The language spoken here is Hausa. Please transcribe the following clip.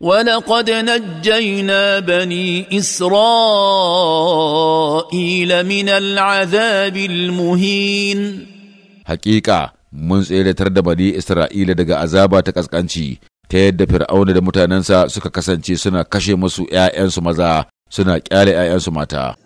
ولقد نجينا بني اسرائيل من العذاب المهين حقيقه mun tseratar da bani isra'ila daga azaba ta kaskanci ta yadda fir'auna da mutanensa suka kasance suna kashe musu 'ya'yansu maza suna kyale 'ya'yansu mata